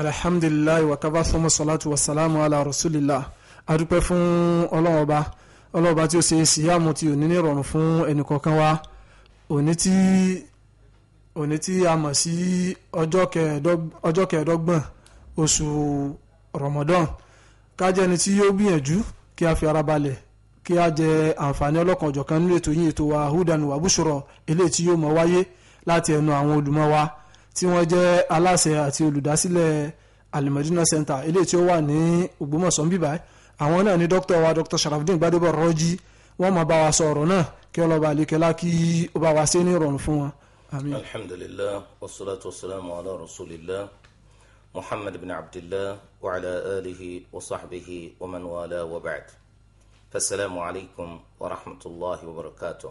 alhamdulilayi wa kaba sọmọ salatu wa salamu ala rasulillah adúpẹ́ fún ọlọ́ọ̀ba ọlọ́ọ̀ba tí ó ṣe síyàmù tí òní ní ìrọ̀rùn fún ẹnìkọ̀ọ̀kan wa òní tí òní tí a mọ̀ sí ọjọ́ kẹẹ̀ẹ́dọ́gbọ̀n oṣù ramadan kájẹ́ ni tí yóò gbìyànjú kí a fi ara balẹ̀ kí a jẹ àǹfààní ọlọ́kan ọ̀jọ̀kan nínú ètò yìí ètò wa hudan wa bushra eléyìí tí yóò mọ̀ wáyé láti ẹnu àwọn olùmọ̀ wa tí wọ́n jẹ́ aláṣẹ àti olùdásílẹ̀ alimọ̀dínà center eléyìí tí ó wà ní Ògbómọ̀ṣọ́ bíbá àwọn náà ni dókítà wa dr sharafdin gbadebo rọjí wọ́n máa bá wa sọ ọ̀rọ̀ náà kí ọlọ́ba àlekẹ́lá kí ó bá wa ṣe ní ìrọ̀rùn fún wọn. àmín. wasalaatu wasalaamu ala rasulillah muhammad bin abdillah wa alihi wa sahbihi wa fasalaamu alaykum wa rahmatulahi wa barakatuh.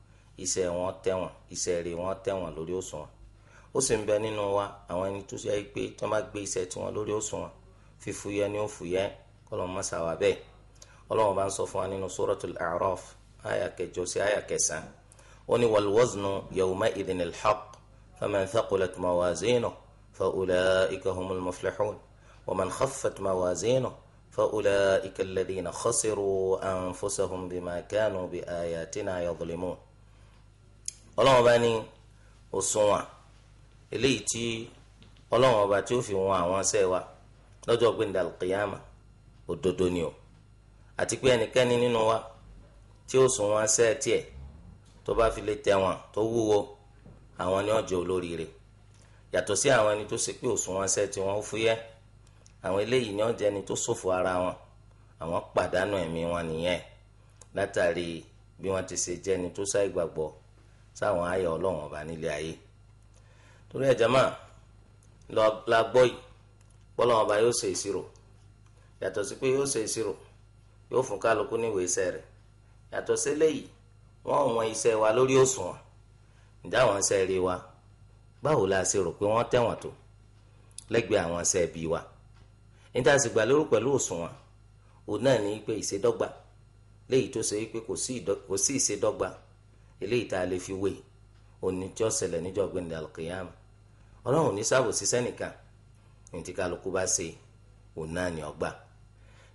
iṣẹ́ wọn tẹ̀wọ̀n iṣẹ́ rẹ̀ wọn tẹ̀wọ̀n lórí òṣùwọ̀n ó sì ń bẹ nínú wa àwọn ẹni tó ṣe pé tí wọ́n bá gbé iṣẹ́ tiwọn lórí òṣùwọ̀n fífúyẹ́ ni ó fúyẹ́ kọ́lọ́mù mọ́sá wa bẹ́ẹ̀ ọlọ́run bá ń sọ fún wa nínú suratul a'raf àyà kẹjọ sí àyà kẹsàn-án ó ní wal waznu yawma idhinil haqq faman thaqulat mawazinuhu fa ulaika humul muflihun waman khaffat mawazinuhu فأولئك الذين خسروا أنفسهم بما كانوا بآياتنا يظلمون ọlọ́wọ́n bá ní òṣùwọ̀n eléyìí tí ọlọ́wọ́n bá tí ó fi wọn àwọn ṣẹ́ wa lọ́jọ́ gbẹ̀ndà kìyàmà òdodo ni o àti pé ẹnikẹ́ni nínú wa tí òṣùwọ̀n ṣẹ́ tiẹ̀ tó bá fi lè tẹ̀wọ̀n tó wúwo àwọn ni wọ́n jẹ́ olóríire yàtọ̀ sí àwọn ẹni tó ṣe pé òṣùwọ̀n ṣẹ́ tí wọ́n fúyẹ́ àwọn eléyìí ni wọ́n jẹ́ ẹni tó ṣòfò ara wọn àwọn pàdánù ẹ̀mí wọn nìyẹn látàrí bí wọ́n ti ṣe jẹ́ ẹni tó ṣàìgbàgbọ́ sáwọn ayé ọlọ́run ọba nílé ayé torí ẹ̀jẹ̀ máa lọ la gbọ́ yìí bọ́lọ́run ọba yóò ṣe ìṣirò yàtọ̀ sí pé yóò ṣe ìṣirò yóò fún kálukú níwèé iṣẹ́ rẹ̀ yàtọ̀ sí léyìí wọ́n wọn iṣẹ́ wa lórí òṣùwọ̀n ǹjẹ́ àwọn iṣẹ́ rí wa báwo la ṣe rò pé wọ́n tẹ̀wọ̀n tó lẹ́gbẹ̀ẹ́ àwọn iṣẹ́ bí wa níta sì gbà lérò pẹ̀lú òṣùwọ̀n òun náà ní pé ìṣedọ́gba léyìí tó ṣe wípé kò sí ìṣedọ́gba eléyìí tá a lè fi wé òní tí ó ṣẹlẹ̀ níjọ́ gbẹ̀ndẹ̀ alqiyam ọlọ́run ní sábò síṣẹ́ nìkan ní ti kálukú bá ṣe òun náà ní ọgbà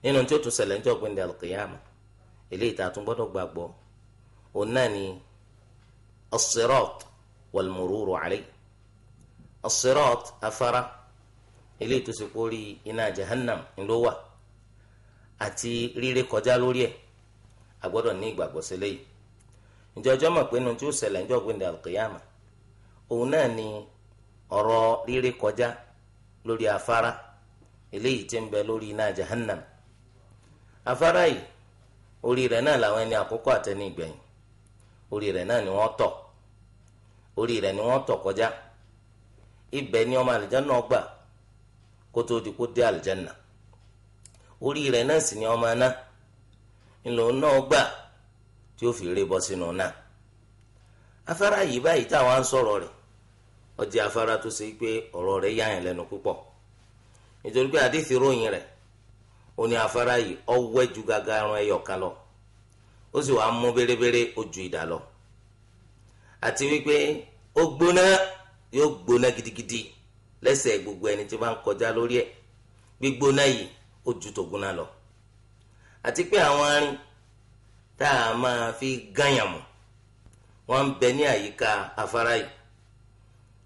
nínú tí ó tún ṣẹlẹ̀ níjọ́ gbẹ̀ndẹ̀ alqiyam eléyìí tá a tún gbọ́dọ̀ gbàgbọ́ òun náà ní as-sirat wal-mururu afárá eléyìí tó ṣe kórí iná jahannam ló wà àti ríré kọjá lórí ẹ̀ a gbọ́dọ̀ ní ìgbàgbọ́sẹ̀ lẹ́yìn ǹjẹ́ ọjọ́ mọ̀ pé nu tí ó ṣẹlẹ̀ ńjọ́ gbẹ̀ndẹ̀ òun náà ni ọ̀rọ̀ rírí kọjá lórí afárá eléyìí tí ń bẹ lórí iná jahannam afárá yìí orí rẹ̀ náà làwọn ẹni àkọ́kọ́ àtẹni ìgbẹ̀yìn orí rẹ̀ náà ni wọ́n tọ̀ orí rẹ̀ ni wọ́n tọ̀ kọjá ibẹ̀ ni ọmọ àlìjáná gbà kó tó di kó dé àlìjáná orí rẹ̀ náà sì ni ọmọ aná ńlò náà gbà tí ó fi ré bọ́ sínú náà afárá yìí báyìí táwa ń sọ̀rọ̀ rẹ̀ ó jẹ́ afárá tó ṣe pé ọ̀rọ̀ rẹ̀ yáyàn lẹ́nu púpọ̀ nítorí pé àdìsí ròyìn rẹ̀ ó ní afárá yìí ọwẹ́ ju gàgà ẹran ẹyọ kan lọ ó sì wàá mú bérebére ó ju ìdà lọ àti wípé ó gbóná yóò gbóná gidigidi lẹ́sẹ̀ gbogbo ẹni tí bá ń kọjá lórí ẹ̀ gbígbóná yìí ó ju tògúnná lọ àti pé àwọn arin tá a máa fi gányàmù wọ́n ń bẹ ní àyíká afárá yìí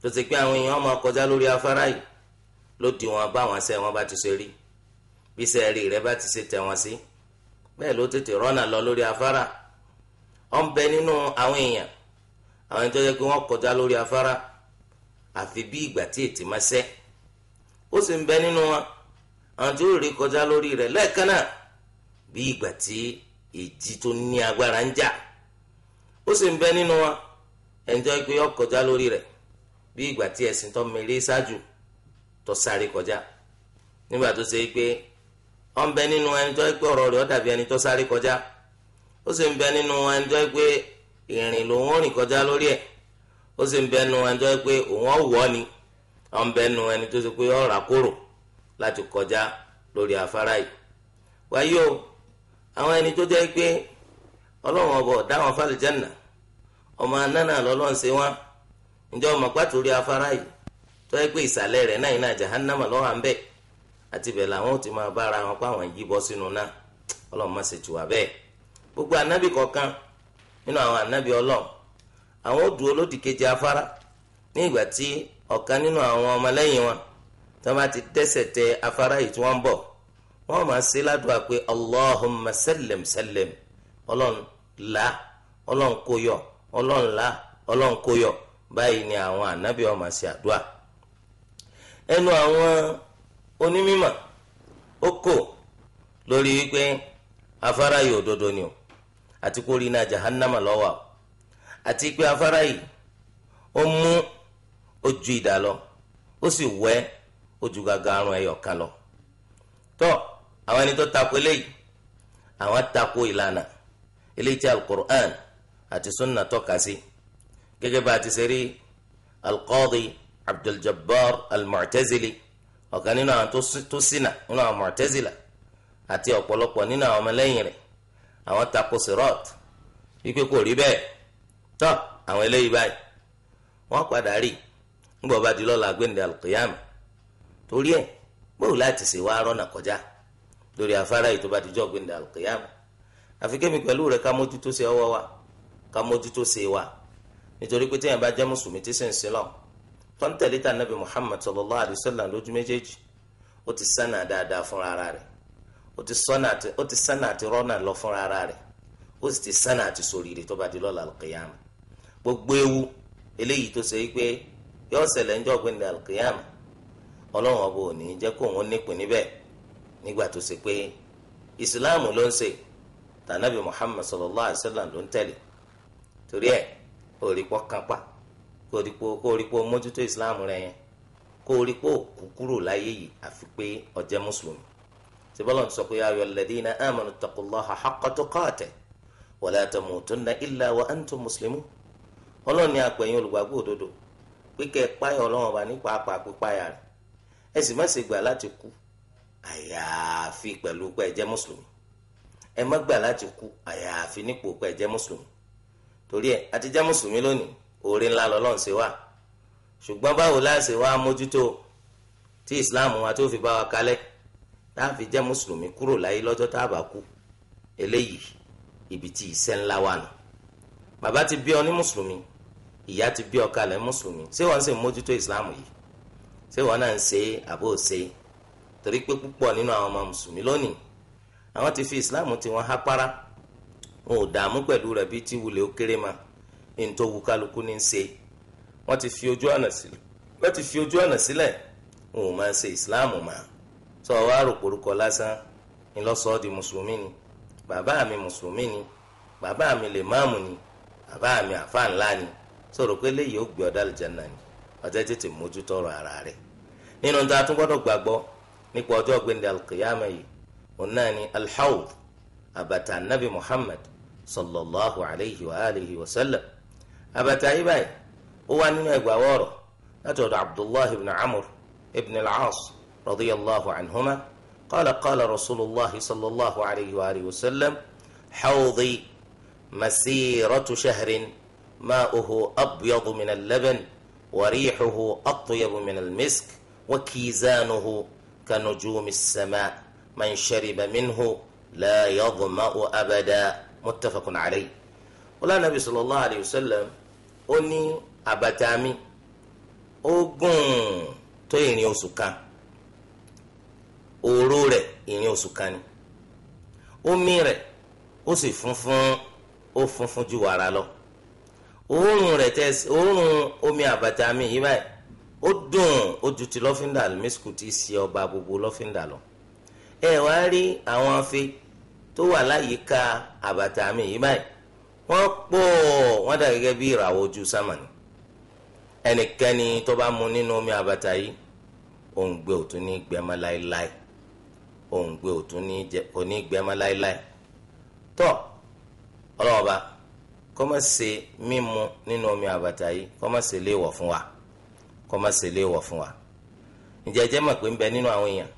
tó ti pé àwọn èèyàn máa kọjá lórí afárá yìí ló di wọn bá wọn ṣe wọn bá ti ṣe rí bí sẹ́ẹ̀rì rẹ bá ti ṣe tẹ̀ wọn sí bẹ́ẹ̀ ló tètè rọ́nà lọ lórí afárá ọ̀ ń bẹ nínú àwọn èèyàn àwọn ẹni tó yẹ kí wọ́n kọjá lórí afárá àfi bí ìgbà tí ètí máa ṣẹ́ ó sì ń bẹ nínú wọn àwọn tí ó rí kọjá lórí rẹ̀ lẹ́ẹ̀kan náà bí ìgbà tí iji tó ní agbára ń jà ó sì ń bẹ nínú wa ẹni tó gbé ọkọjá lórí rẹ bí ìgbà tí ẹṣin tó mèrè ṣáájú tó sáré kọjá nígbà tó ṣe pé ó ń bẹ nínú ẹni tó ó dàbí ẹni tó sáré kọjá ó sì ń bẹ nínú ẹni tó ìrìn rìn kọjá lórí ẹ̀ ó sì ń bẹ nínú ẹni tó òun ni ó ń bẹ nínú ẹni tó ṣe pé kọjá lórí afárá yìí àwọn ẹni tó jẹ́ pé ọlọ́run ọbọ̀ dá wọn ọmọ anáná lọ́lọ́run ṣe wọ́n ǹjẹ́ ọmọ pàtórí afárá yìí tó yẹ pé ìsàlẹ̀ rẹ̀ náà iná lọ́wọ́ àti bẹ̀ làwọn ò ti máa bára wọn pa àwọn yìí bọ́ sínú náà ọlọ́run má gbogbo anábì kọ̀ọ̀kan nínú àwọn anábì ọlọ́run àwọn ó dúró lódì kejì afárá ní nínú àwọn ọmọlẹ́yìn wọn tó bá ti tẹ afárá yìí tí wọ́n ń wọ́n máa ṣe ládùúgbà pé allahumma sallim sallim ọlọ́run là ọlọ́run kò báyìí ni àwọn ànábì wọn máa ṣe àdúrà ẹnu àwọn onímọ̀ lórí wípé afárá yìí o àti kó rí jahannama lọ́wọ́ o àti pé afárá yìí ó mú ojú ìdá lọ ó sì wẹ́ ojú lọ àwọn ẹni tó tako eléyìí àwọn tako ìlànà eléyìí tí alukur'an àti sunna tọ́ka sí gẹ́gẹ́ bá a ti ṣe rí alqadi abdul-jabbar al-mu'tazili ọ̀kan nínú àwọn tó ṣìnà nínú àwọn mu'tazila àti ọ̀pọ̀lọpọ̀ nínú àwọn ọmọlẹ́yìn rẹ̀ àwọn tako sirat wípé kò rí bẹ́ẹ̀ tọ́ àwọn eléyìí báyìí wọ́n padà rí ńgbọ̀ bá di lọ́la gbẹ̀ndẹ̀ alqiyama torí ẹ̀ bóòlù láti ṣe wá rọ́nà kọjá. lórí afárá yìí tó bá dijọ́ gbẹ̀ndà alqiyama àfi kémi pẹ̀lú rẹ̀ ká mójútó ṣe ọwọ́ wa ká mójútó ṣe wa nítorí pé téèyàn bá jẹ́ mùsùlùmí tí sì ń sin nàbì ti dáadáa ara rẹ̀ ó ti àti rọ́nà lọ ara rẹ̀ ó ti àti sòrìrì tó bá di lọ́la gbogbo ewu eléyìí tó ṣe nígbà tó ṣe pé ìsìláàmù ló ń ṣe tànàbí Muhammad sallallahu alayhi wa sallam ló ń tẹ̀lé torí ẹ̀ kó o rí pọ́ kápá kó o rí pọ́ mójútó ìsìláàmù rẹ yẹn kó o rí pọ́ òkú kúrò láyé yìí àfi pé ó jẹ́ mùsùlùmí tìbọ́lọ̀ ń sọ pé ayọ̀ alladhina amanu taqullaha haqqa tuqatihi wa la tamutunna illa wa antum muslimun ọlọ́ọ̀ni àpẹ̀yìn olùgbàgbọ́ òdodo pé kẹ́ ẹ páyọ̀ ọlọ́wọ́n bá nípa apá pípáyà rẹ̀ ẹ sì má ṣe gbà láti kú àyàfi pẹ̀lú pé ẹ jẹ́ mùsùlùmí ẹ má gbà láti kú àyàfi nípò pé ẹ jẹ́ mùsùlùmí torí ẹ àti jẹ́ mùsùlùmí lónìí oore ńlá lọ́lọ́run ṣe wá ṣùgbọ́n báwo láṣẹ wá mójútó tí islam wa tó fi bá wa kalẹ̀ tá a fi jẹ́ mùsùlùmí kúrò láyé lọ́jọ́ tá a bá kú eléyìí ibi tí iṣẹ́ ńlá wà nù bàbá ti bí ọ ní mùsùlùmí ìyá ti bí ọ kalẹ̀ mùsùlùmí ṣé wọ́n ń ṣe mójútó islam yìí ṣé wọ́n náà ń ṣe àbó ṣe torí pé púpọ̀ nínú àwọn ọmọ mùsùlùmí lónìí àwọn ti fi ìsìláàmù tí wọ́n há para wọn ò dààmú pẹ̀lú rẹ̀ bíi ti wulẹ̀ ó kéré ma ní tó wu kálukú ní í ṣe wọ́n ti fi ojú ọ̀nà sílẹ̀ wọ́n ti fi ojú ọ̀nà sílẹ̀ wọn ò máa ṣe ìsìláàmù mà sọ wá rò porúkọ lásán ní lọ́sọ̀ọ́ di mùsùlùmí ni bàbá mi mùsùlùmí ni bàbá mi lè máàmù ni bàbá mi àfa ńlá ni sọ̀rọ̀ pé léyìí ó gbé ọ̀dà àlùjánnà ni ọ̀tẹ́ tètè mójútó ọ̀rọ̀ ara rẹ̀ nínú tá tún gbọ́dọ̀ gbàgbọ́ nípa ọjọ́ gbẹ̀ndẹ̀ alqiyama yi òun náà ni alḥawd àbàtà nabi muhammad sallallahu alayhi wa alihi wa sallam àbàtà yìí báyìí ó wà nínú ẹgbàá wọ̀rọ̀ láti ọ̀dọ̀ abdullahi ibn amur ibn al-aas radiyallahu anhuma qala qala rasulillah sallallahu alayhi wa alihi wa sallam hawdi masiratu shahrin maa'uhu abyadu min al-laban wariixuhu atyabu min al-misk wakiizaanuhu. كنجوم السماء من شرب منه لا يظمأ أبدا متفق عليه ولا النبي صلى الله عليه وسلم ó ní àbàtà mi ó gùn tó ìrìn oṣù kan òró rẹ̀ ìrìn oṣù kan ni omi rẹ̀ ó sì funfun ó funfun ju wàrà lọ òórùn rẹ̀ tẹ òórùn omi àbàtà mi yìí báyìí ó dùn ó ju ti lọ́fíńdà mísíkù tí í ṣe ọba gbogbo lọ́fíńdà lọ. ẹ wá rí àwọn afe tó wà láyìíká àbàtà mi yìí báyìí wọ́n pọ̀ wọ́n dà gẹ́gẹ́ bí ìràwọ̀ ojú sámánì ẹnikẹ́ni tó bá mu nínú omi àbàtà yìí òun gbé òtún ní gbẹmọ láéláé òun gbé òtún ní gbẹmọ láéláé tó ọlọ́wọ́ bá mímu nínú omi àbàtà yìí kọ́mọ̀ léèwọ̀ fún wa. kọ́ má ṣe léèwọ̀ fún wa ǹjẹ́ jẹ́ mọ̀ pé ń bẹ nínú àwọn èèyàn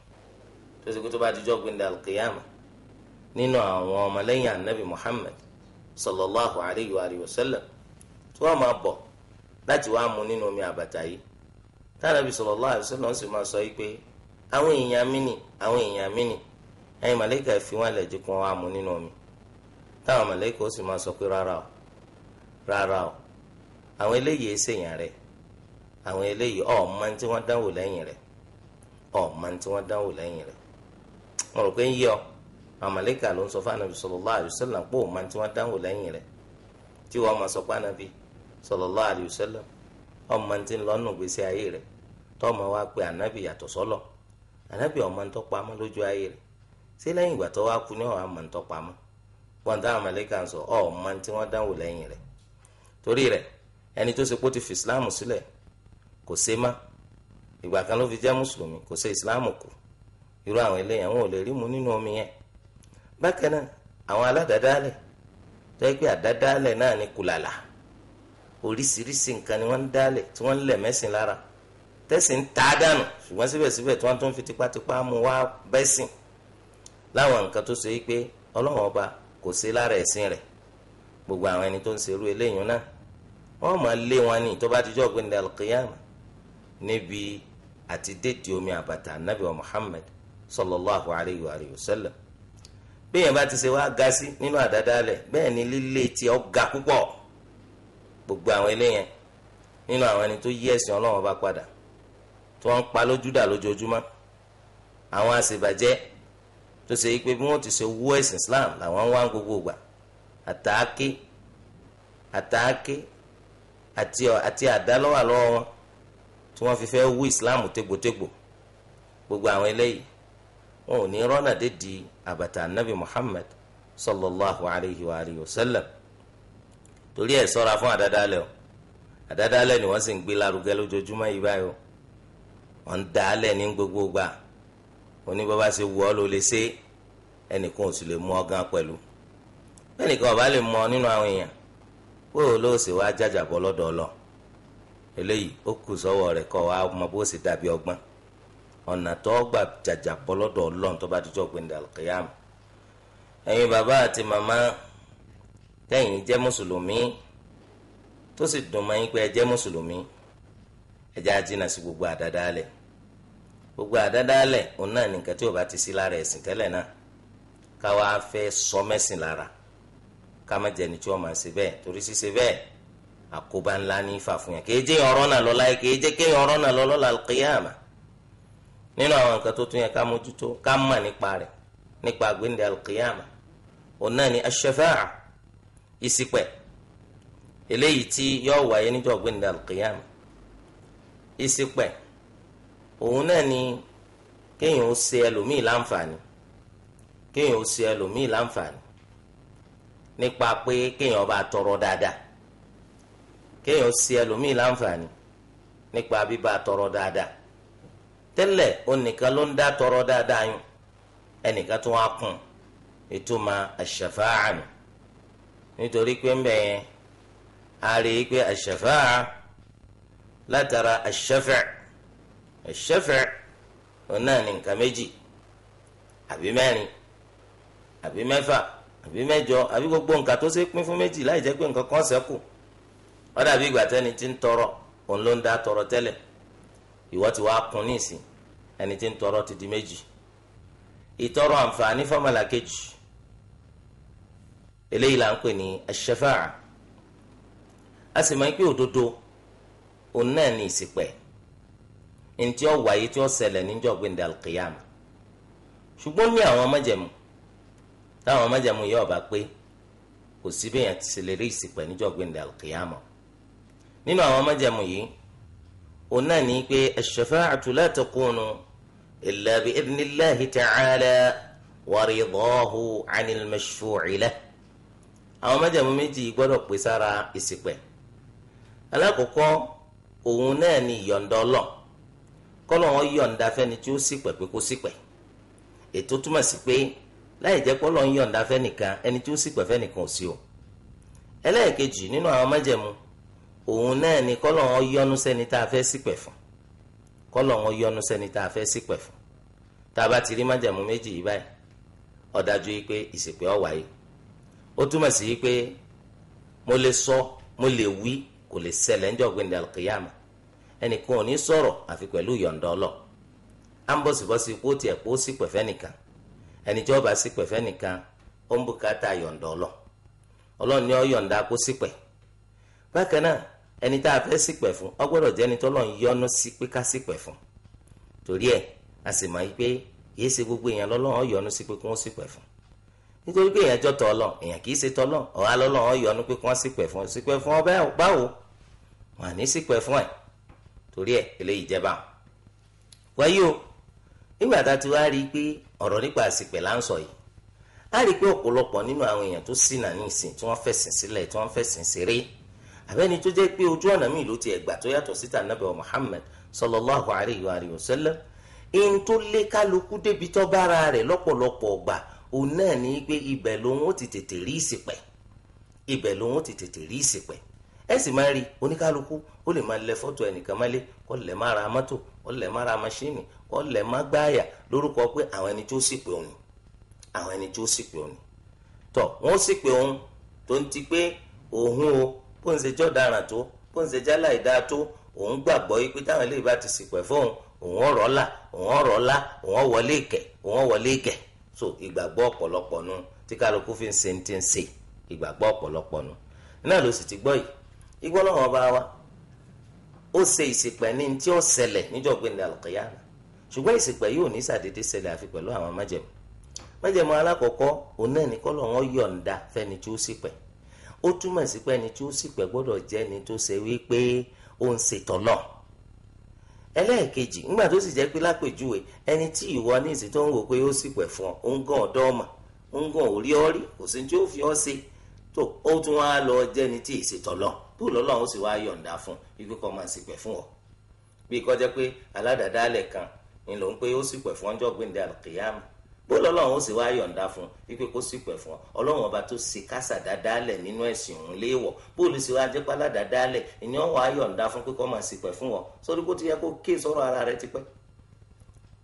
tó ṣe kó tó bá dijọ́ gbẹ̀ndà nínú àwọn ọmọlẹ́yìn anabi muhammed sallallahu alayhi wa sallam tí wọ́n máa bọ̀ láti wá mu nínú omi àbàtà yìí tánàbí sallallahu alayhi wa sallam sọ yìí pé àwọn èèyàn ni àwọn èèyàn ni fi lẹ̀ wá mu nínú omi táwọn ó sì máa sọ pé rárá o àwọn eléyìí ọ̀ máa ń tí wọ́n dánwò lẹ́yìn rẹ̀ ọ̀ ma ń tí wọ́n dánwò lẹ́yìn rẹ̀ wọn rò pé ń ọ àmàlẹ́kà ló ń sọ fún anabi sallallahu alaihi pé ọ̀ máa ń tí wọ́n dánwò lẹ́yìn rẹ̀ tí wọ́n sọ anabi sallallahu alaihi ọ̀ máa ń tí ń lọ́nà gbèsè ayé rẹ̀ anabi yàtọ̀ sọlọ anabi ọ̀ ma ń lójú ayé rẹ̀ ṣé lẹ́yìn ìgbà tó wá kú kò ṣe má ìgbà kan ló fi jẹ́ mùsùlùmí kò se ìsìláàmù kù irú àwọn eléyìí àwọn ò lè rí mu nínú omi yẹn bákan náà àwọn aládàádáálẹ̀ tó yẹ pé àdádáálẹ̀ náà ní kùlàlà oríṣiríṣi nǹkan ni wọ́n ń dálẹ̀ tí wọ́n ń lẹ̀ mẹ́sìn lára tẹ́sìn ń ta dànù ṣùgbọ́n síbẹ̀síbẹ̀ tí wọ́n tún fi tipátipá wá bẹ́sìn láwọn nǹkan tó pé ọlọ́wọ́n ọba kò sí lára ẹ̀sìn rẹ̀ gbogbo àwọn ẹni tó ń eléyìí náà wọ́n lé wọn ní níbi àti déètì omi àbàtà anabi wa muhammed sallallahu alayhi wa sallam bẹ́ẹ̀ bá ti ṣe wá ga sí nínú àdádálẹ̀ bẹ́ẹ̀ ni líle tí ó ga púpọ̀ gbogbo àwọn eléyẹn nínú àwọn ẹni tó yí ẹ̀sìn ọlọ́run bá padà tí wọ́n ń pa lójúdà lójoojúmọ́ àwọn àṣebàjẹ́ tó ṣe pé bí wọ́n ti ṣe wú ẹ̀sìn Islam làwọn ń wá gbogbo gbà àtàáké àtàáké àti àdálọ́wà lọ́wọ́ wọn tí wọ́n fi fẹ́ wú islam tégbòtégbò gbogbo àwọn eléyìí wọn ò ní rọ́nà dé di àbàtà anabi muhammad sallallahu alayhi wa alihi wa sallam torí ẹ ṣọ́ra fún àdádálẹ̀ o àdádálẹ̀ ni wọ́n sì ń gbé lárugẹ lójoojúmọ́ yìí báyìí o wọ́n ń dá alẹ̀ ní gbogbo gbà oní bàbá ṣe wù ọ́ ló lè ṣe ẹnìkan ò sì lè mú ọ gan pẹ̀lú ẹnìkan ọba lè mú nínú àwọn èèyàn pé òun ló ṣe wá jájà bọ́ lọ́dọ̀ ọlọ́ọ̀ eléyìí ó kù sọ́wọ́ rẹ̀ kọ́ wa ọmọ bó sì dàbí ọgbọ́n ọ̀nà tó gbà jàjà bọ́lọ́dọ̀ ọlọ́run tó bá dijọ́ gbẹ̀ndà kìyàm ẹ̀yin bàbá àti màmá tẹ̀yin jẹ́ mùsùlùmí tó sì dùn mọ́ yín pé ẹ jẹ́ mùsùlùmí gbogbo àdádálẹ̀ gbogbo àdádálẹ̀ òun náà nìkan tí ò bá ti sí lára ẹ̀sìn tẹ́lẹ̀ náà káwa fẹ́ sọ mẹ́sìn lára ká má jẹ́ni tí wọ́n máa ṣe bẹ́ẹ̀ torí ṣíṣe bẹ́ẹ̀ àkóbá ńlá ní ìfà fún yàn kéje ọ̀rọ̀ náà lọ́la yìí kéje kéyàn ọ̀rọ̀ náà lọ́lọ́ la al-qiyama nínú àwọn nǹkan tó tún yẹ ká mójútó ká mà nípa rẹ̀ nípa òun náà ni ash-shafa'a eléyìí tí yóò wáyé níjọ́ àgbéǹde al-qiyama òun náà ni kéèyàn ó ẹlòmíì láǹfààní kéèyàn ṣe ẹlòmíì láǹfààní nípa bíbá tọrọ dáadáa onìkan ló ń dá tọrọ dáadáa yín ẹnìkan tó wá kún ìtumọ̀ àṣàfáà ni nítorí pé ń bẹ̀ yẹn a rí i pé àṣàfáà látara àṣẹfẹ̀ àṣẹfẹ̀ òun ní nǹkan méjì àbí mẹ́rin àbí mẹ́fà àbí mẹ́jọ àbí gbogbo nǹkan tó ṣe pín fún méjì láì pé nǹkan ọ dàbí ìgbà tẹ́ni tí ń tọrọ òun ló ń dá tọrọ tẹ́lẹ̀ ìwọ ti wá kun ní ìsìn ẹni ń tọrọ ti di méjì ìtọrọ àǹfààní fọmọlà kejì eléyìí là ń pè ní aṣẹfàá a sì máa ń pè òdodo òun náà ní ìṣìpẹ̀ ntí ó wáyé tí ó ṣẹlẹ̀ níjọ́ gbẹndẹ alqiyama ṣùgbọ́n ní àwọn májẹ̀mú táwọn májẹ̀mú yóò bá pé kò sí yẹn ti ṣe lè rí ìṣìpẹ̀ níjọ́ gbẹndẹ alqiyama. nínú àwọn májẹ̀mú yìí òun náà ní pé ash-shafa'atu la takunu illa bi idhnillahi ta'ala wa ridahu 'anil mashfu'i lahu àwọn májẹ̀mú méjì gbọ́dọ̀ pè sára ìsìpẹ̀ alákọ̀ọ́kọ́ òun náà ní ìyọ̀ǹda ọlọ́ kọ́lọ̀ wọn yọ̀ǹda fẹ́ni tí ó ṣìpẹ̀ pé kó ṣìpẹ̀ ètò túmọ̀ sí pé láì jẹ́ pé Ọlọ́run yọ̀ǹda fẹ́nìkan ẹni tí ó ṣìpẹ̀ fẹ́nìkan ò sí o ẹlẹ́ẹ̀kejì nínú àwọn májẹ̀mú òun náà ni kọ́lọ̀ wọn yọ́nú sẹ́ni tá a fẹ́ fún sẹ́ni tá a fẹ́ fún tá a bá ti rí májàmú méjì yìí báyìí ó yìí pé ìṣìpẹ̀ ó wáyé ó túmọ̀ sí yìí pé mo lè sọ mo lè wí kò lè ṣẹlẹ̀ ń jọ gbẹ̀ndẹ̀ alqiyama ò ní sọ̀rọ̀ àfi pẹ̀lú yọ̀ǹda à ń tiẹ̀ bá ni bákan ẹni tá a fẹ́ ṣìpẹ̀ fún ọ gbọ́dọ̀ jẹ́ ẹni tọ́lọ́ ń yọ́nú sí pé ká ṣìpẹ̀ fún torí ẹ̀ a sì máa yí pé kìí ṣe gbogbo èèyàn lọ́lọ́run yọ́nú sí pé kí wọ́n ṣìpẹ̀ fún nítorí pé èèyàn jọ tọ́lọ̀ èèyàn kìí ṣe tọ́lọ̀ ọ̀há lọ́lọ́run yọ́nú pé kí wọ́n ṣìpẹ̀ fún ṣìpẹ̀ fún ọbẹ̀ báwo wọn à ní ṣìpẹ̀ fún ẹ̀ torí ẹ̀ eléyìí jẹ́ báwọn. wáyé o nígbà tá a ti wá rí i pé ọ̀rọ̀ nípa àṣìpẹ̀ là ń sọ yìí a rí i pé ọ̀pọ̀lọpọ̀ nínú àwọn èèyàn tó ṣìnà ní ìsìn tí wọ́n fẹ̀sìn sílẹ̀ tí wọ́n fẹ̀sìn ṣeré àbẹ́ni tó jẹ́ pé ojú ọ̀nà míì ló ti ẹ̀gbà tó yàtọ̀ síta nàbẹ̀ wa Muhammad sallallahu alayhi wa alihi wa sallam in tó lé kálukú débi tó bára rẹ̀ lọ́pọ̀lọpọ̀ ọgbà òun náà ní pé ibẹ̀ lòun ó ti tètè rí ìsìpẹ̀ ibẹ̀ lòun ó ti tètè rí ìsìpẹ̀ ẹ sì máa rí oníkálukú ó lè máa lẹ fọ́tò ẹnìkan mọ́lé kó lẹ̀ má ra mọ́tò kó lẹ̀ má ra maṣíìnì kó lẹ̀ má gbáàyà lórúkọ pé àwọn ẹni tó sì òun àwọn ẹni tó sì òun tọ wọn sì òun tó ń ti pé òun o bó jọ ṣe jọ́daràn tó bó jálá ìdá tó òun gbàgbọ́ yìí pé táwọn eléyìí bá ti sìpẹ́ fóun òun ọ̀rọ̀ òun ọ̀rọ̀ so ìgbàgbọ́ ọ̀pọ̀lọpọ̀ nu tí kálukú fi ń se ti ń se ìgbàgbọ́ ọ̀pọ̀lọpọ̀ nu wa ó ní tí ó níjọ́ ṣùgbọ́n yóò ní sàdédé àfi pẹ̀lú àwọn májẹ̀mú májẹ̀mú alákọ̀ọ́kọ́ òun náà ní ó túmọ̀ sí pé ẹni tí ó sì pẹ́ gbọ́dọ̀ jẹ́ ẹni tó ṣe wípé ó ń ṣètọ́ náà ẹlẹ́ẹ̀kejì ńgbà tó sì jẹ́ pé lápèjúwe ẹni tí ìwọ ní ìsìn tó ń wò pé ó sì pẹ̀ fún ọ ń gàn ọ̀dọ́ ọmọ ń gàn orí ọrí kò sí tí ó fi ọ́ ṣe tó ó tún wá lọ jẹ́ ẹni tí ìṣètọ́ lọ tó lọ́lọ́ ó sì wá yọ̀ǹda fún ibi kan máa sì pẹ̀ fún ọ bí kọjá pé aládàádáálẹ̀ kan ni lòun pé ó sì pẹ̀ fún ọjọ́ gbẹ̀ǹdà kìyàmù bó lọ́lọ́run ó sì wá yọ̀ǹda fún wípé kó sì pẹ̀ fún ọ ọlọ́run ọba tó sì kásà dáadáalẹ̀ nínú ẹ̀sìn òun léèwọ̀ bóòlù sì wá jẹ́pálá dáadáalẹ̀ ìní ọ̀ wá yọ̀ǹda fún pé kó máa sì pẹ̀ fún ọ sórí kó ti yẹ kó kí sọ̀rọ̀ ara rẹ tipẹ́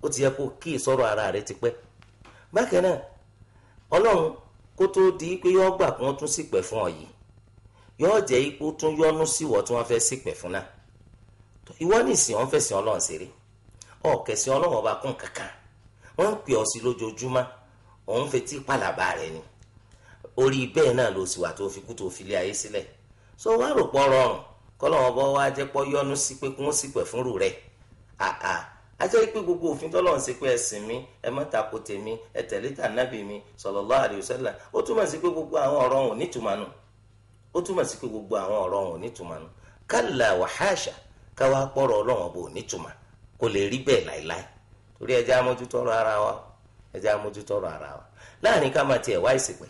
ó ti yẹ kó kí sọ̀rọ̀ ara rẹ tipẹ́ bákan náà ọlọ́run kó tó di pé yọ gbà kí wọ́n tún sì pẹ̀ fún ọ yìí yọ jẹ́ ipò tún yọnu síwọ̀ tí wọ́n fẹ́ sì pẹ̀ fún náà ìwọ nìsín wọn fẹ̀sìn ọlọ́run ṣeré ọ̀kẹ̀sìn ọlọ́run ọba kún kankan wọ́n ń pè ọ́ sí lójoojúmọ́ òun fetí pàlàbà rẹ̀ ni orí bẹ́ẹ̀ náà ló sì wà tó fi kú tó fi lé ayé sílẹ̀ so wá rò pọ́ rọrùn kọ́lọ́wọ́n bọ́ wá jẹ́ pọ́ yọ́nú sí pé kí wọ́n sì fúnrù rẹ̀ àà ajẹ́ pé gbogbo òfin tọ́lọ́run ṣe pé ẹ sìn ẹ má tako tèmi ẹ tẹ̀lé tànábì mi sallallahu alaihi wasallam ó túmọ̀ sí pé gbogbo àwọn ọ̀rọ̀ òun nítumànù ó túmọ̀ sí pé gbogbo àwọn ọ̀rọ̀ òun nítumànù kálà wàhásà káwá pọ̀rọ̀ ọlọ́run bò nítumà kò lè rí bẹ́ẹ̀ láéláé torí ẹja amójútó ọ̀rọ̀ ara wa ẹja amójútó ọ̀rọ̀ ara wa láàrin ká máa tiẹ̀ wá ìsìnkú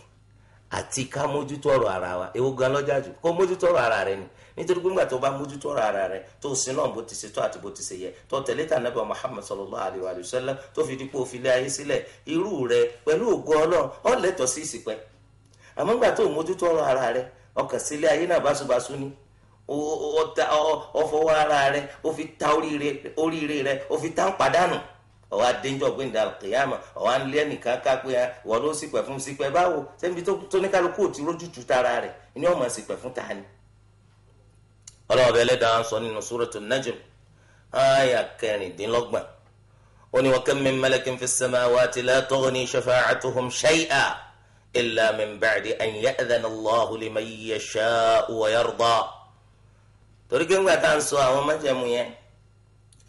àti ká ara wa ewoga gan lọ́jà jù kó ara rẹ ni nítorí pé tó bá mójútó ara rẹ tó sin náà bó ti tó àti bó ti yẹ tó tẹ̀lé tànàbà tó fi rẹ pẹ̀lú ògo ọ sí ìsìnkú àmọ́ ọwọ́ adéńjọ́ gbé nígbà kìyàmà ọwọ́ anlẹ́ nìkan ká pé ah, wọ́n ló ṣìpẹ̀ fún ṣìpẹ̀ báwo sẹ́ni tó ní kálukú ò ti rójú tu tara rẹ̀ ni ọmọ ṣìpẹ̀ fún ta ni. ọlọ́wọ́ bẹ́ẹ̀ lẹ́dàá sọ nínú Suratul Najm aya kẹrìndínlọ́gbọ̀n ó ní wa kam min malakin fi samawati la tughni shafa'atuhum shay'an illa min ba'di an ya'dhana Allahu liman yasha'u wa yarda. torí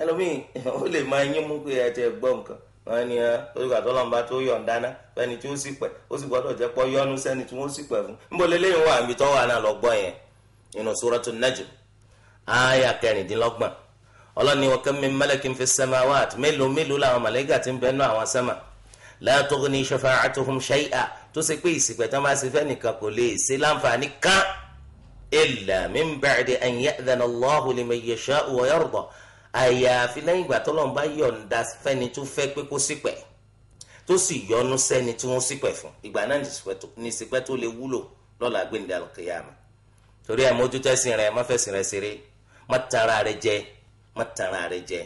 ẹlòmíì ó lè máa yín mú pé ẹ ti gbọ́ nǹkan wọn ni ah, orúkọ àtọ́lọ́mọba tó yọ̀ ń dáná fẹ́ni tí ó sì pẹ̀ ó sì gbọ́dọ̀ jẹ́ pọ́ yọ́nú sẹ́ni tí wọ́n sì pẹ̀ fún níbo lélẹ́yìn wà níbi tọ́wọ́ àná lọ́gbọ́n yẹn nínú Suratul Najm àyà kẹrìndínlọ́gbọ̀n ọlọ́ni wa kam min malakin fis samawat mélòó mélòó làwọn màlẹ́gà ti ń bẹnu àwọn sẹ́mà la tughni shafa'atuhum àyàfi lẹ́yìn ìgbà tọ́lọ́run bá yọ̀ǹda fẹ́ni tó fẹ́ pé kó ṣìpẹ̀ tó sì yọ́nú sẹ́ni tí wọ́n ṣìpẹ̀ fún ìgbà náà ní ṣìpẹ̀ tó lè wúlò lọ́la gbẹ̀ǹdà kìyàmù torí ẹ̀ mójútẹ́sìn rẹ̀ má fẹ̀sìn rẹ̀ ṣeré má tara rẹ̀ jẹ má tara rẹ̀ jẹ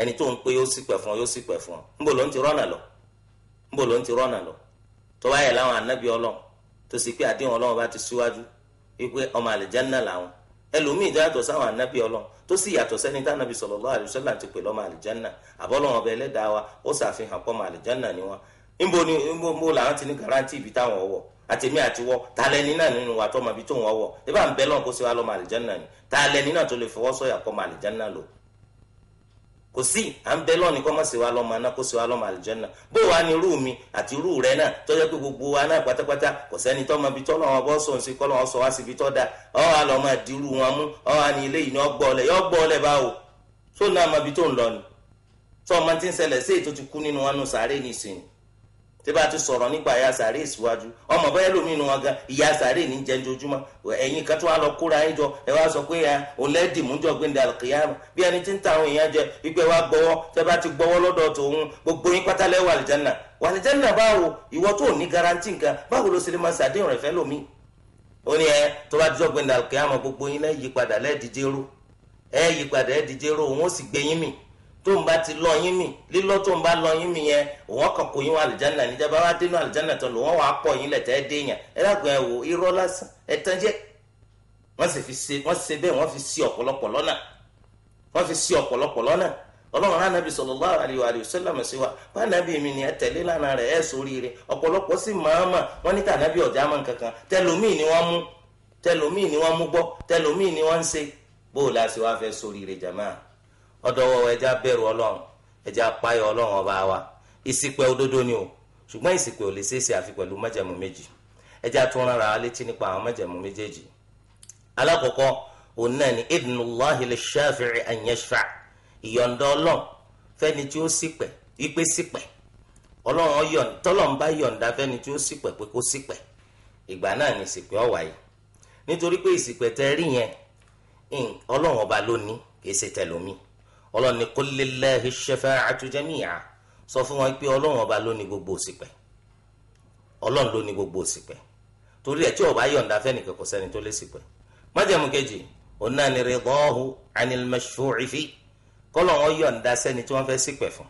ẹni tó ń pé yóò ṣìpẹ̀ fún yóò ṣìpẹ̀ fún ńbò ló ń ti rọ́nà lọ tó bá láwọn anábì ọlọ́run tó sì pé àdéhùn ọlọ́run bá ti síwájú wípé ọmọ àlìjánnà ẹlòmíì tó yàtọ̀ sáwọn anábì ọlọ́run tó sì yàtọ̀ sẹ́ni tá anábì sallallahu alaihi wasallam ti pè lọ́mọ àlìjánà àbọ́lọ́wọ́n ọbẹ̀ ẹlẹ́dàá wa ó ṣàfihàn pọ́mọ àlìjánà ni wọn níbo ni níbo làwọn ti ní garanti ibi táwọn ọwọ́ àtẹ̀mí àtiwọ́ talẹ́ni náà nínú wa tọ́mọ ibi tóun ọwọ́ ẹ bá ń bẹ́ lọ́n kó sí wa lọ́mọ àlìjánà ni talẹ́ni náà tó lè fọwọ́ sọ̀yà pọ́mọ àlìjánà lò kò sí à ń bẹ lọ́ọ̀ni kọ́ lọ́mọ aná kó sí lọ́mọ àlùjànnà bó wa ni irú mi àti irú rẹ náà tó jẹ́ pé gbogbo wa náà pátápátá kò sẹ́ni tó mọ ibi tó lọ́wọ́ bọ́ sọ̀n kọ́ lọ́wọ́ sọ wá sí ibi tó da ọ́ wa lọ́ máa dirú wọn mú ọ́ wa ni ilé yìí ni ọ́ gbọ́ ọlẹ̀ yọ́ gbọ́ ọlẹ̀ báwo tó náà mọ ibi tó ń lọ ni tó ọmọ ti ń ṣẹlẹ̀ sí ètò ti kú nínú wọn nù sàárè nìsín tí bá ti sọ̀rọ̀ nípa ìyá sàárè ìsíwájú ọmọ bẹ́ẹ̀ lómi inú wọn gan ìyá sàárè ní jẹjojúmọ́ ẹ̀yin kan tó wà lọ kóra yín jọ ẹ wá sọ pé ọ̀lẹ́dì mújọ gbẹ̀ndẹ̀ àlùkìyàmù bí ẹni tí ń ta àwọn èèyàn jẹ gbígbẹ́ gbọ́wọ́ ti gbogbo yín wà wà báwo ìwọ tó ní garanti nǹkan báwo ló ṣe lè máa ṣàdéhùn gbogbo tó ń bá ti lọ yín mì lílọ tó ń bá lọ yín mì yẹn òun kàn kó yín wọ àlìjánà níjàmbá wá dénú àlìjánà tán lòun wàá pọ̀ yín lẹ̀tẹ̀ ẹ́ déèyàn ẹ dàgbà ẹ wò irọ́ lásán ẹ tán jẹ́ wọ́n sì fi ṣe wọ́n ṣe bẹ́ẹ̀ wọ́n fi ṣì ọ̀pọ̀lọpọ̀ lọ́nà wọ́n fi ṣì ọ̀pọ̀lọpọ̀ lọ́nà ọlọ́run anabi sallallahu alaihi wa sallam sí wa bá anabi mi ni ẹ tẹ̀lé lánàá rẹ̀ ẹ̀ sóríire ọ̀pọ̀lọpọ̀ sì máa mà wọ́n ní tànàbí ọ̀já mọ̀ kankan tẹlómìn ni wọ́n mú tẹlómìn ni wọ́n mú gbọ́ tẹlómìn ni wọ́n ń ṣe bóòlù àti wàá fẹ́ sóríire jàmáà ọdọwọ ẹja bẹ̀rù Ọlọ́run ẹja apáyọ Ọlọ́run ọba wa ìṣìpẹ̀ òdodo ni o ṣùgbọ́n ìṣìpẹ̀ ò lè ṣeéṣe àfi pẹ̀lú májẹ̀mú méjì ẹja tó rárá létí nípa àwọn májẹ̀mú méjèèjì alákọ̀ọ́kọ́ òun náà ni idnullahi ìyọ̀ǹda Ọlọ́run fẹ́ni tí ó ipe Ọlọ́run bá yọ̀ǹda fẹ́ni tí ó pé kó ìgbà náà ni nítorí pé tẹ́ rí yẹn Ọlọ́run ọba kì í ṣe ọlọ́run ní qul lillahi shafa'atu jami'a sọ fún wọn pé ọlọ́run ọba ló ní gbogbo òṣìpẹ̀ ọlọ́run ló ní gbogbo òṣìpẹ̀ torí ẹ̀ tí ọba yọ̀ǹda fẹ́nìkan kò sẹ́ni tó lè ṣìpẹ̀ májẹ̀mú kejì òun náà ní ridahu anil mashfu'i fi kọ́lọ̀ wọn yọ̀ǹda sẹ́ni tí wọ́n fẹ́ ṣìpẹ̀ fún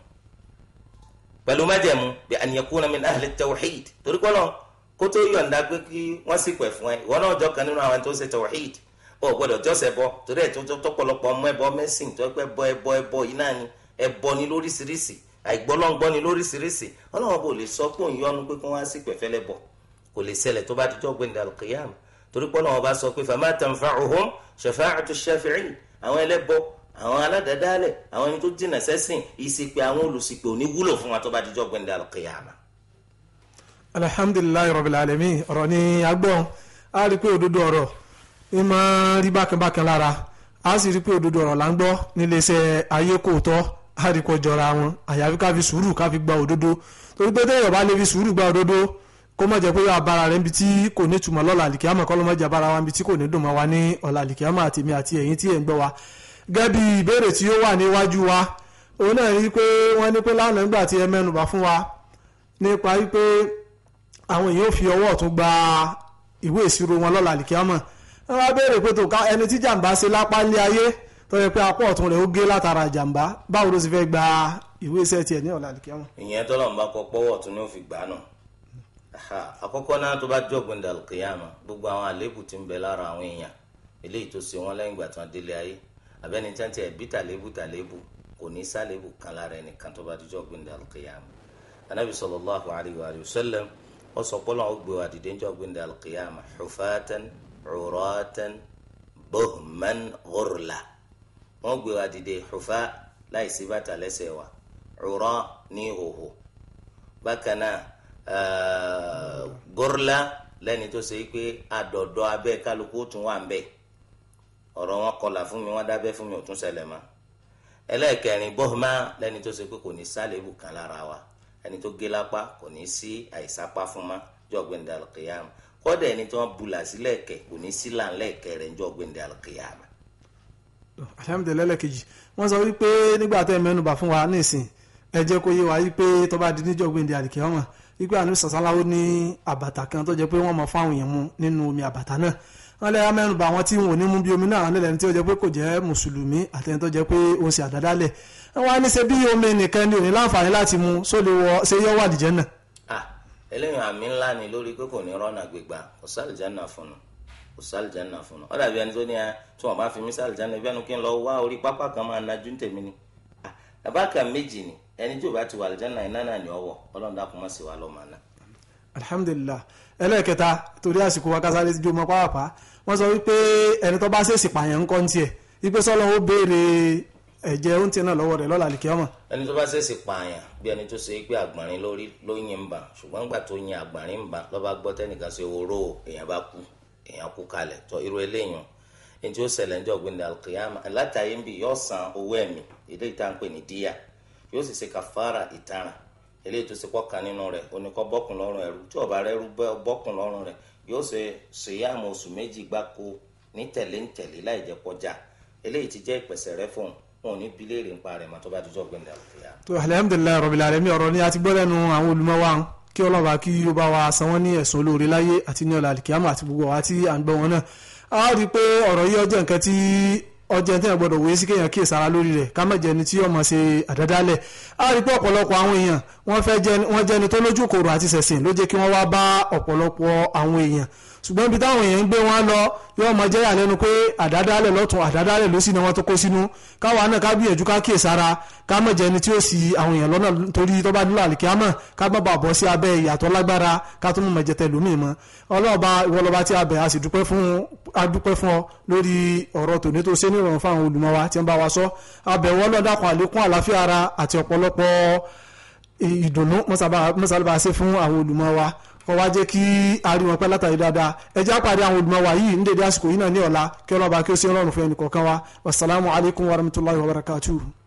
pẹ̀lú májẹ̀mú bí an yakuna min ahli tawhid torí kọ́lọ̀ kó yọ̀ǹda pé kí wọ́n ṣìpẹ̀ fún ẹ ìwọ náà jọ ọ gbọ́dọ̀ jọ́sẹ̀ bọ torí ẹ̀ tó tọ́pọ̀lọpọ̀ ọmọ ẹ̀bọ mẹ́sìn tó pẹ́ bọ ẹbọ ẹbọ yìí náà ni ẹbọ ni lóríṣiríṣi àìgbọ́lọ́ngbọ́ ni lóríṣiríṣi ọlọ́wọ́n bò lè sọ pé òun yọnu pé kí wọ́n á sì pẹ̀fẹ́lẹ́ bọ̀ kò lè ṣẹlẹ̀ tó bá dijọ́ gbẹ̀ndà kìyàm torí pé ọlọ́wọ́n bá sọ pé fama tanfa'uhum shafa'atu shafi'in àwọn ẹlẹ́bọ àwọn aládàádáálẹ̀ àwọn ẹni tó jìnà sẹ́sìn ìsìnkú àwọn olùsìnkú òní wúlò fún wa tó bá dijọ́ gbẹ̀ndà kìyàm. alhamdulilayi rabil alamin ọ̀rọ̀ ni agbọ́n a rí i pé òdodo ọ̀rọ̀ ń máa rí bákanbákan lára a sì rí pé òdodo ọ̀rọ̀ là ń gbọ́ níléeṣẹ́ ayé kò tọ́ àríkọ́ jọra wọn àyàfi ká fi sùúrù ká fi gba òdodo torí pé téèyàn bá lè fi sùúrù gba òdodo kó má jẹ́ pé yóò abara rẹ̀ níbi tí kò ní ìtumọ̀ lọ́la àlìkíyàmọ̀ kọ́ ló má jẹ́ abara wa níbi tí kò ní dùn mọ́ wa ní ọ̀la àlìkíyàmọ̀ àtèmi àti ẹ̀yin tí ẹ̀ ń gbọ́ wa gẹ́gẹ́ ìbéèrè tí ó wà níwájú wa òun náà rí i pé wọ́n ní pé lánàá nígbà tí ẹ mẹ́nubà fún wa nípa wípé àwọn èèyàn ò fi ọwọ́ ọ̀tún gba ìwé ìṣirò wọn lọ́la àlìkíyàmọ̀ wọ́n wá béèrè pé tó ká ẹni tí jàǹbá ṣe lápá ilé ayé tó yẹ pé apá ọ̀tún rẹ̀ ó gé látara jàǹbá báwo ló sì fẹ́ gba ìwé iṣẹ́ tiẹ̀ ní ọ̀la àdìkẹ́wọ̀n. ìyẹn tọ́lọ̀ ń bá kọ pọ́wọ́ ọ̀tún ni ó fi gbà náà àkọ́kọ́ náà tó bá jọ̀gbọ́n dàlùkìyàmà gbogbo àwọn àléébù tí ń bẹ lára àwọn èèyàn eléyìí tó ṣe wọ́n lẹ́yìn ìgbà tí wọ́n délé ayé abẹ́ni tí wọ́n ti ẹ̀bí tàléébù tàléébù kò ní sálébù kan lára ẹnìkan tó bá jọ̀gbọ́n dàlùkìyàmà anabi sallallahu alayhi wa sallam ó sọ pé Ọlọ́run gbé wa dìde jọ̀gbọ́n dàlùkìyàmà hufatan uratan bohman ghurla wọ́n gbé wa dìde xufa láì sí bàtà lẹ́sẹ̀ wa ura ní hòhò bákan náà ghurla lẹ́ni tó ṣe pé adọ̀dọ̀ abẹ́ kálukú tún wà ń bẹ̀ ọ̀rọ̀ wọn kọlà fún mi wọ́n dábẹ́ fún mi ò tún ṣẹlẹ̀ mọ́ ẹlẹ́ẹ̀kẹrin bọ́ọ̀mà lẹ́ni tó ṣe pé kò ní sálẹ̀bù kan lára wa ẹni tó gé lápá kò ní sí àìsápá fún ma jọ̀gbìn dàlùkìyàmù kọ́dà ẹni tí wọ́n bulà sí lẹ́ẹ̀kẹ́ kò ní sílà lẹ́ẹ̀kẹ́ rẹ̀ níjọ́ gbẹ̀ndẹ̀ àlùkìyàmà. alhamdulilayi lẹ́ẹ̀kejì wọ́n sọ wípé nígbà tẹ́ mẹ́nubà fún wa nísìn ẹ jẹ́ kó yé wa wípé tó bá di níjọ́ gbẹ̀ndẹ̀ àlùkìyàmà wípé àná sàsáláwo ní àbàtà kan tó jẹ́ pé wọ́n mọ fáwọn èèyàn mu nínú omi àbàtà náà wọ́n lẹ́yà mẹ́nubà àwọn tí wọn ò ní mú bí omi náà lẹ́lẹ̀ ní tí ó jẹ́ pé kò jẹ́ mùsùlùmí àtẹni tó jẹ́ pé ó ń ṣe àdádálẹ̀ wọ́n á ní ṣe bí omi nìkan ní láǹfààní láti mu sólè wọ ṣe yọ wà lìjẹ́ náà eléyìí àmì ńlá ni lórí pé kò ní rọ́nà gbégbá kò sálìjánà fún un kò sálìjánà fún un ọ̀dà bí ẹni tó ní ẹ ah, tí wọ́n bá fi mí sálìjánà bí ẹni kí n lọ wá orí pápá kan máa najú ń tèmi ni ah, àbáka méjì ni ẹni tí ò bá ti wà àlìjánà iná náà ní ọwọ́ ọlọ́run dákun má sì wá lọ́ọ́ máa ná. alhamdulillah ẹlẹ́ẹ̀kẹta torí àsìkò wa kásáré ti jó mọ́ pàápàá wọ́n sọ wípé ẹni tó bá ṣèṣì pààyàn ń kọ́ tiẹ̀ wípé sọ́lọ́ ẹ̀jẹ̀ oúnjẹ náà lọ́wọ́ rẹ̀ lọ́la àlìkẹ́ ọmọ. ẹni tó bá ṣẹ̀ṣì pààyàn bí ẹni tó ṣe é pé àgbọ̀nrín lórí ló yin ń bà ṣùgbọ́n nígbà tó yin àgbọ̀nrín ń bà lọ́ba gbọ́ tẹ́nìkan ṣe oró èèyàn bá kú èèyàn kú kalẹ̀ tọ́ irú eléyìn ẹni tí ó ṣẹlẹ̀ ní ọ̀gbìn alkiyama látàyé ń bì yóò san owó ẹ̀mí ilé ìta ń pè ní díyà yóò sì ṣe kàfàrà ìtaràn eléyìí tó ṣe pọ́kàn nínú rẹ̀ oníkọ́ bọ́kùn lọ́rùn ẹ̀rú tí ọ̀bà rẹ̀ rú bọ́kùn lọ́rùn rẹ̀ yóò ṣe ṣèyàmù oṣù méjì gbáko ní tẹ̀léǹtẹ̀lé láì jẹ́ kọjá eléyìí ti ìpẹ̀sẹ̀ rẹ̀ fún un wọn ò ní bi mọ́ tó bá jọjọ gbẹndà òkèèyà. tó alhamdulilayi rabil alamin ọ̀rọ̀ ni a ti gbọ́ lẹ́nu àwọn olùmọ̀ wa kí ọlọ́ba kí ó bá wa san wọ́n ní ẹ̀sùn olóore láyé àti ní ọ̀la àlìkíyàmọ̀ àti gbogbo àwa tí à ń gbọ́ wọn náà a rí i pé ọ̀rọ̀ yìí ọjọ́ nǹkan tí ọjọ́ tí èèyàn gbọ́dọ̀ wòye sí kéèyàn kíyè sára lórí rẹ̀ ká má jẹni tí ọmọ ṣe àdádálẹ̀ a rí i pé ọ̀pọ̀lọpọ̀ àwọn èèyàn wọ́n jẹni tó lójú kòrò àti ṣẹ̀sìn ló jẹ́ kí wọ́n wá bá ọ̀pọ̀lọpọ̀ àwọn èèyàn ṣùgbọ́n ibi táwọn èèyàn ń gbé wọn lọ yóò mọ jẹ́ ìyàlẹ́nu pé àdádálẹ̀ lọ́tún àdádálẹ̀ ló sì ni wọ́n tó kó sínú káwa náà ká gbìyànjú ká kíyè sára ká mọ̀ jẹ́ni tí ó sì àwọn èèyàn lọ́nà torí tó bá nílò àlìkíámọ̀ ká má bàa bọ́ sí abẹ́ ìyàtọ̀ lágbára ká tó mọ̀ jẹ́ tẹlómìn mọ́ ọlọ́ọ̀ba ìwọlọ́ba tí a bẹ̀ a sì dúpẹ́ fún a dúpẹ́ fún ọ lórí ọ̀rọ̀ tòní tó ṣe nírọ̀rùn fún àwọn olùmọ̀ wa tí kó wá jẹ́ kí a rí wọn pẹ́ látàrí dáadáa ẹ jẹ́ àpàdé àwọn olùmọ̀ wa yìí ní dédé àsìkò yìí náà ní ọ̀la kí ọlọ́ba kí ó ṣe rọrùn fún ẹnì wa wasalaamu alaykum wa rahmatulahi wa barakatuhu.